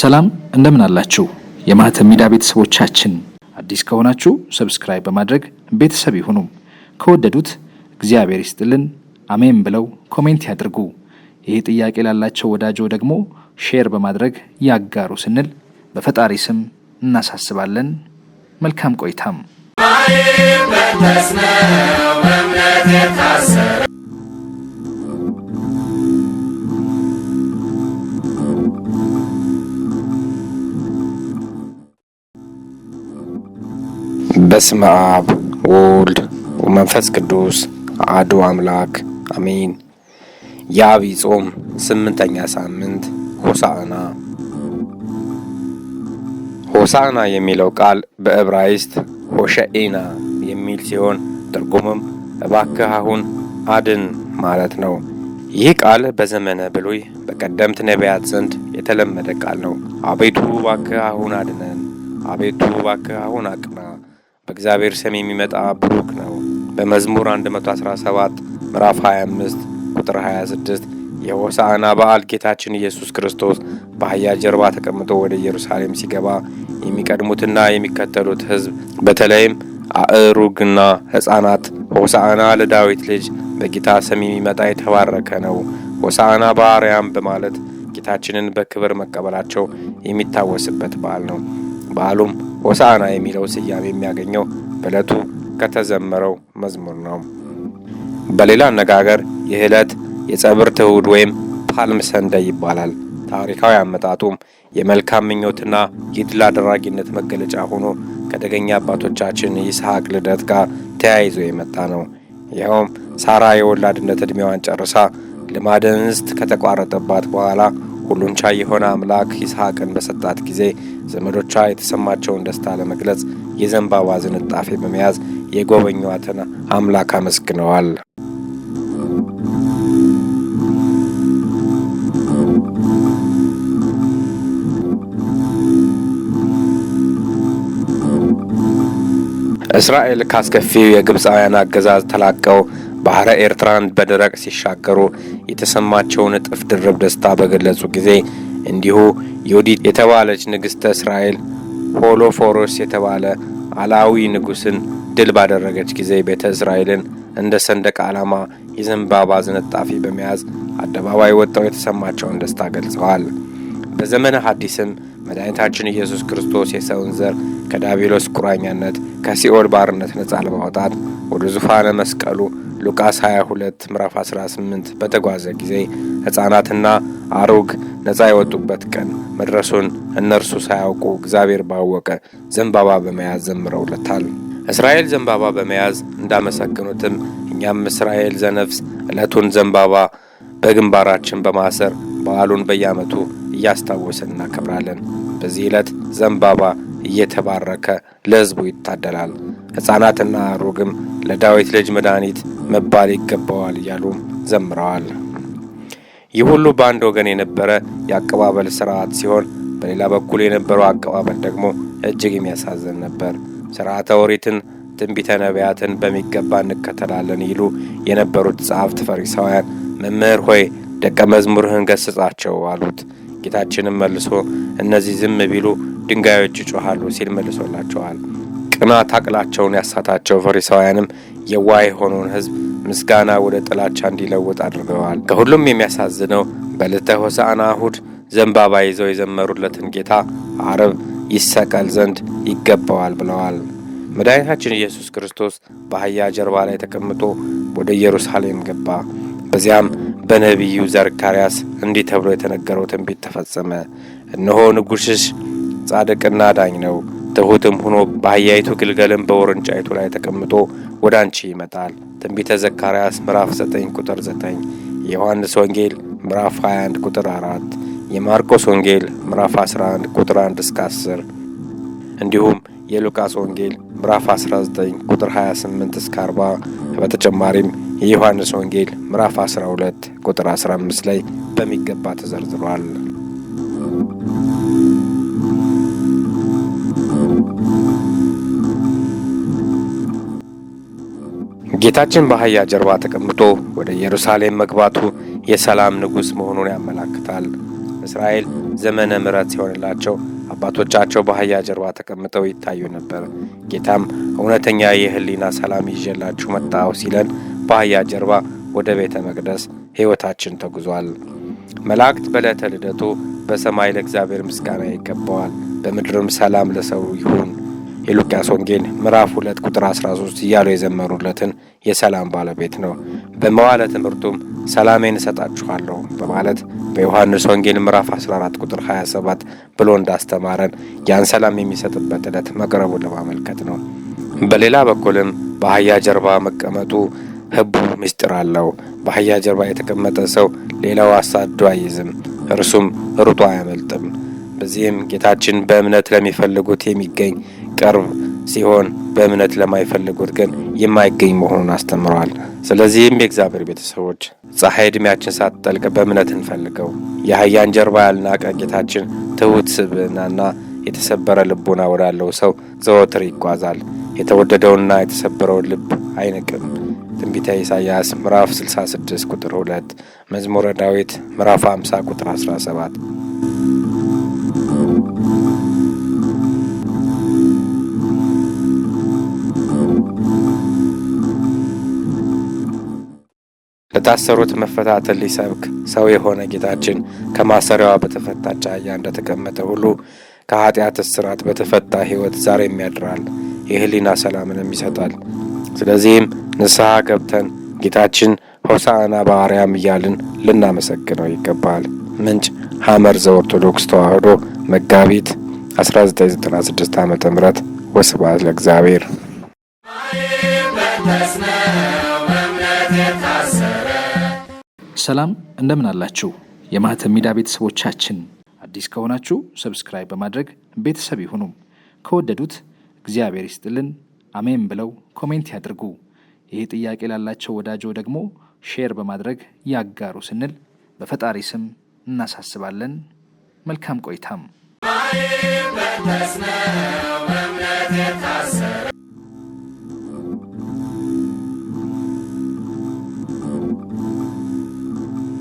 ሰላም እንደምን አላችሁ? የማህተብ ሚዲያ ቤተሰቦቻችን አዲስ ከሆናችሁ ሰብስክራይብ በማድረግ ቤተሰብ ይሁኑ። ከወደዱት እግዚአብሔር ይስጥልን አሜን ብለው ኮሜንት ያድርጉ። ይህ ጥያቄ ላላቸው ወዳጆ ደግሞ ሼር በማድረግ ያጋሩ ስንል በፈጣሪ ስም እናሳስባለን። መልካም ቆይታም በስመ አብ ወወልድ ወመንፈስ ቅዱስ አሐዱ አምላክ አሜን። የዐቢይ ጾም ስምንተኛ ሳምንት ሆሳዕና። ሆሳዕና የሚለው ቃል በዕብራይስጥ ሆሸኤና የሚል ሲሆን ትርጉሙም እባክህ አሁን አድን ማለት ነው። ይህ ቃል በዘመነ ብሉይ በቀደምት ነቢያት ዘንድ የተለመደ ቃል ነው። አቤቱ እባክህ አሁን አድነን፣ አቤቱ እባክህ አሁን አቅና በእግዚአብሔር ስም የሚመጣ ብሩክ ነው። በመዝሙር 117 ምዕራፍ 25 ቁጥር 26 የሆሳዕና በዓል ጌታችን ኢየሱስ ክርስቶስ በአህያ ጀርባ ተቀምጦ ወደ ኢየሩሳሌም ሲገባ የሚቀድሙትና የሚከተሉት ሕዝብ በተለይም አእሩግና ሕፃናት ሆሳዕና ለዳዊት ልጅ በጌታ ስም የሚመጣ የተባረከ ነው፣ ሆሳዕና በአርያም በማለት ጌታችንን በክብር መቀበላቸው የሚታወስበት በዓል ነው። በዓሉም ሆሳዕና የሚለው ስያሜ የሚያገኘው በዕለቱ ከተዘመረው መዝሙር ነው። በሌላ አነጋገር ይህ ዕለት የጸብር ትውድ ወይም ፓልም ሰንደይ ይባላል። ታሪካዊ አመጣጡም የመልካም ምኞትና የድል አድራጊነት መገለጫ ሆኖ ከደገኛ አባቶቻችን ይስሐቅ ልደት ጋር ተያይዞ የመጣ ነው። ይኸውም ሳራ የወላድነት ዕድሜዋን ጨርሳ ልማደ እንስት ከተቋረጠባት በኋላ ሁሉን ቻይ የሆነ አምላክ ይስሐቅን በሰጣት ጊዜ ዘመዶቿ የተሰማቸውን ደስታ ለመግለጽ የዘንባባ ዝንጣፌ በመያዝ የጎበኟትን አምላክ አመስግነዋል። እስራኤል ካስከፊው የግብፃውያን አገዛዝ ተላቀው ባህረ ኤርትራን በደረቅ ሲሻገሩ የተሰማቸውን እጥፍ ድርብ ደስታ በገለጹ ጊዜ እንዲሁ ዮዲት የተባለች ንግሥተ እስራኤል ሆሎፎሮስ የተባለ አላዊ ንጉሥን ድል ባደረገች ጊዜ ቤተ እስራኤልን እንደ ሰንደቅ ዓላማ የዘንባባ ዝንጣፊ በመያዝ አደባባይ ወጥተው የተሰማቸውን ደስታ ገልጸዋል። በዘመነ ሐዲስም መድኃኒታችን ኢየሱስ ክርስቶስ የሰውን ዘር ከዳቢሎስ ቁራኛነት ከሲኦል ባርነት ነጻ ለማውጣት ወደ ዙፋነ መስቀሉ ሉቃስ 22 ምዕራፍ 18 በተጓዘ ጊዜ ሕፃናትና አሩግ ነፃ የወጡበት ቀን መድረሱን እነርሱ ሳያውቁ እግዚአብሔር ባወቀ ዘንባባ በመያዝ ዘምረውለታል። እስራኤል ዘንባባ በመያዝ እንዳመሰግኑትም እኛም እስራኤል ዘነፍስ ዕለቱን ዘንባባ በግንባራችን በማሰር በዓሉን በየዓመቱ እያስታወስን እናከብራለን። በዚህ ዕለት ዘንባባ እየተባረከ ለሕዝቡ ይታደላል። ሕፃናትና አሮግም ለዳዊት ልጅ መድኃኒት መባል ይገባዋል እያሉ ዘምረዋል። ይህ ሁሉ በአንድ ወገን የነበረ የአቀባበል ስርዓት ሲሆን፣ በሌላ በኩል የነበረው አቀባበል ደግሞ እጅግ የሚያሳዝን ነበር። ስርዓተ ኦሪትን፣ ትንቢተ ነቢያትን በሚገባ እንከተላለን ይሉ የነበሩት ጸሐፍት ፈሪሳውያን መምህር ሆይ ደቀ መዝሙርህን ገስጻቸው አሉት። ጌታችንም መልሶ እነዚህ ዝም ቢሉ ድንጋዮች ይጮኋሉ ሲል መልሶላቸዋል። ቅናት አቅላቸውን ያሳታቸው ፈሪሳውያንም የዋ የሆነውን ሕዝብ ምስጋና ወደ ጥላቻ እንዲለውጥ አድርገዋል። ከሁሉም የሚያሳዝነው በዕለተ ሆሳዕና እሁድ ዘንባባ ይዘው የዘመሩለትን ጌታ አርብ ይሰቀል ዘንድ ይገባዋል ብለዋል። መድኃኒታችን ኢየሱስ ክርስቶስ በአህያ ጀርባ ላይ ተቀምጦ ወደ ኢየሩሳሌም ገባ። በዚያም በነቢዩ ዘካርያስ እንዲህ ተብሎ የተነገረው ትንቢት ተፈጸመ። እነሆ ንጉሥሽ ጻድቅና ዳኝ ነው። ትሑትም ሆኖ በአህያይቱ ግልገልም በውርንጫይቱ ላይ ተቀምጦ ወደ አንቺ ይመጣል። ትንቢተ ዘካርያስ ምዕራፍ 9 ቁጥር 9፣ የዮሐንስ ወንጌል ምዕራፍ 21 ቁጥር 4፣ የማርቆስ ወንጌል ምዕራፍ 11 ቁጥር 1 እስከ 10 እንዲሁም የሉቃስ ወንጌል ምዕራፍ 19 ቁጥር 28 እስከ 40 በተጨማሪም የዮሐንስ ወንጌል ምዕራፍ 12 ቁጥር 15 ላይ በሚገባ ተዘርዝሯል። ጌታችን በአህያ ጀርባ ተቀምጦ ወደ ኢየሩሳሌም መግባቱ የሰላም ንጉሥ መሆኑን ያመላክታል። እስራኤል ዘመነ ምሕረት ሲሆንላቸው አባቶቻቸው በአህያ ጀርባ ተቀምጠው ይታዩ ነበር። ጌታም እውነተኛ የህሊና ሰላም ይዤላችሁ መጣሁ ሲለን በአህያ ጀርባ ወደ ቤተ መቅደስ ሕይወታችን ተጉዟል። መላእክት በዕለተ ልደቱ በሰማይ ለእግዚአብሔር ምስጋና ይገባዋል፣ በምድርም ሰላም ለሰው ይሁን የሉቃስ ወንጌል ምዕራፍ 2 ቁጥር 13 እያሉ የዘመሩለትን የሰላም ባለቤት ነው። በመዋለ ትምህርቱም ሰላሜን እሰጣችኋለሁ በማለት በዮሐንስ ወንጌል ምዕራፍ 14 ቁጥር 27 ብሎ እንዳስተማረን ያን ሰላም የሚሰጥበት ዕለት መቅረቡን ለማመልከት ነው። በሌላ በኩልም በአህያ ጀርባ መቀመጡ ህቡ ምስጢር አለው። በአህያ ጀርባ የተቀመጠ ሰው ሌላው አሳዶ አይዝም፣ እርሱም ሩጦ አያመልጥም። በዚህም ጌታችን በእምነት ለሚፈልጉት የሚገኝ የሚቀርብ ሲሆን በእምነት ለማይፈልጉት ግን የማይገኝ መሆኑን አስተምረዋል። ስለዚህም የእግዚአብሔር ቤተሰቦች ፀሐይ ዕድሜያችን ሳትጠልቅ በእምነት እንፈልገው። የአህያን ጀርባ ያልናቀ ጌታችን ትሑት ስብዕናና የተሰበረ ልቡና ወዳለው ሰው ዘወትር ይጓዛል። የተወደደውና የተሰበረውን ልብ አይንቅም። ትንቢተ ኢሳይያስ ምዕራፍ 66 ቁጥር 2፣ መዝሙረ ዳዊት ምዕራፍ 50 ቁጥር 17 ለታሰሩት መፈታትን ሊሰብክ ሰው የሆነ ጌታችን ከማሰሪያዋ በተፈታ ጫያ እንደተቀመጠ ሁሉ ከኃጢአት እስራት በተፈታ ሕይወት ዛሬም ያድራል፣ የህሊና ሰላምንም ይሰጣል። ስለዚህም ንስሐ ገብተን ጌታችን ሆሳዕና በአርያም እያልን ልናመሰግነው ይገባል። ምንጭ ሐመር ዘኦርቶዶክስ ተዋህዶ መጋቢት 1996 ዓ ም ወስብሐት ለእግዚአብሔር። ሰላም እንደምን አላችሁ? የማህተብ ሚዲያ ቤተሰቦቻችን አዲስ ከሆናችሁ ሰብስክራይብ በማድረግ ቤተሰብ ይሁኑ። ከወደዱት እግዚአብሔር ይስጥልን አሜን ብለው ኮሜንት ያድርጉ። ይህ ጥያቄ ላላቸው ወዳጆ ደግሞ ሼር በማድረግ ያጋሩ ስንል በፈጣሪ ስም እናሳስባለን። መልካም ቆይታም